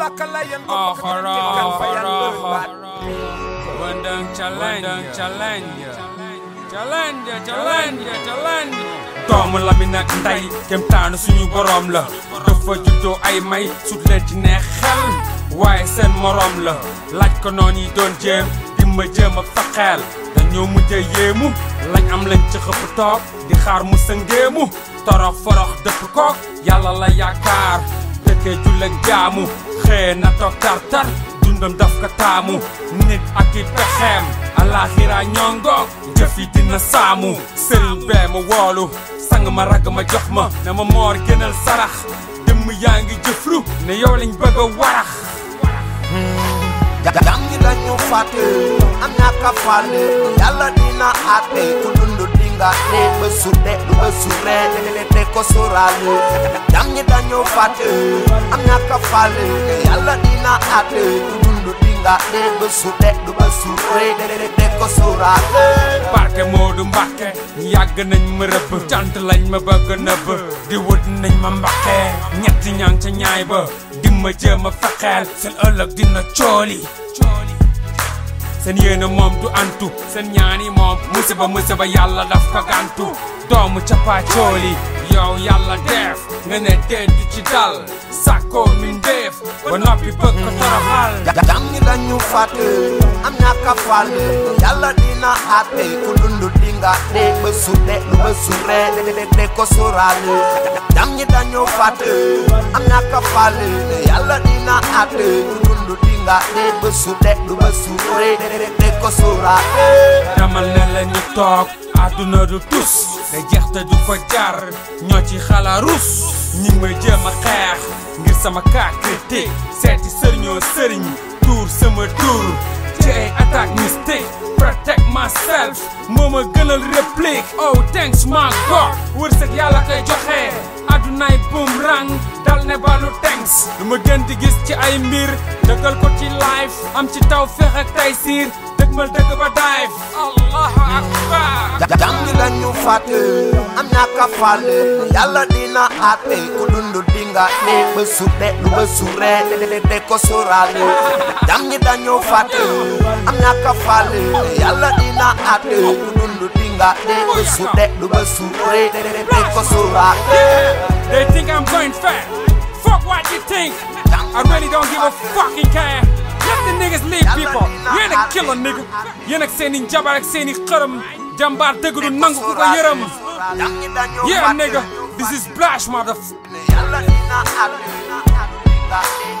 like a lion, oh, horror, horror, horror. One down challenge, challenge, challenge, challenge, challenge. doomu Lamine ak kem kemtaanu suñu borom la dafa juddoo ay may sut leen ci neex xel waaye morom la laaj ko noon yi doon jéem di ma jéem ak sa xel dañoo mujjee yéemu lañ am lañ ci xëpp toog di xaar mu sëngéemu torox forox dëpp koog yàlla la yaakaar dëkkee julle jaamu seen nattoog tartar dundam daf ko taamu nit ak i pexeem alaxira ñoo ngoog dina samu sëriñ mo ma sang ma rag ma jox ma ne ma moor gënal sarax dëmm yaa ngi ne yow lañ bëgg warax jàmm lañu dina ate ku ngane besudek besure nene kosurale damnya danyo fate amnya kafale yalla dina ate dundu dingane besudek besure nene kosurale barke modu mbakke yàgg nañ ma rëbb cant lañ ma bëgg nëbb di wut nañ ma mbakke ñetti ñaan ca ñaay ba dimma jéem a fexeel seen ëllëg dina cooli seen yéene moom du antu seen ñaani moom musiba musiba yàlla daf ko gàntu doomu capaacooli yow yàlla def nga ne déet ci dal sàkkoo min def ba noppi bëgg ko toroxal jam ñi dañu fàtte am ñàkk a fàll yàlla dina àtte ku dund di nga dee bésu de lu bésu ree de ko sóoraale jam ñi dañu fàtte la dina àtte ku dund dinga dee bësu e. toog àdduna du tus da jeex te du ko jar ñoo ci xala rus ñi may jéem a xeex ngir sama kaa critique seeti sëriñoo sëriñ tuur sama tuur ci ay attaque protect myself moo ma gënal réplique oh thanks my God wërsëg yàlla koy joxe addunaay buum rang dal ne balu te times luma ma gën di gis ci ay mbir dëggal ko ci life am ci taw feex ak tay siir dëgmal dëgg ba dive allahu akbar jàng lañu fàtte am ñàkka fàlle yàlla dina àtte ku dund di nga ne ba sude lu ba sure de ko sóoraale jàng dañu fàtte am ñàkka fàlle yàlla dina àtte ku dund di nga ne ba sude lu ba sure de ko sóoraale They think I'm going fast. think? I really don't give a fucking care. Let the niggas leave people. You're a killer, nigga. Yéen ak saying it. jabar ak seen i xërëm. jàmbaar dëgg du nangu ku ko yërëm. Yeah nigga, this is Blash motherfucker.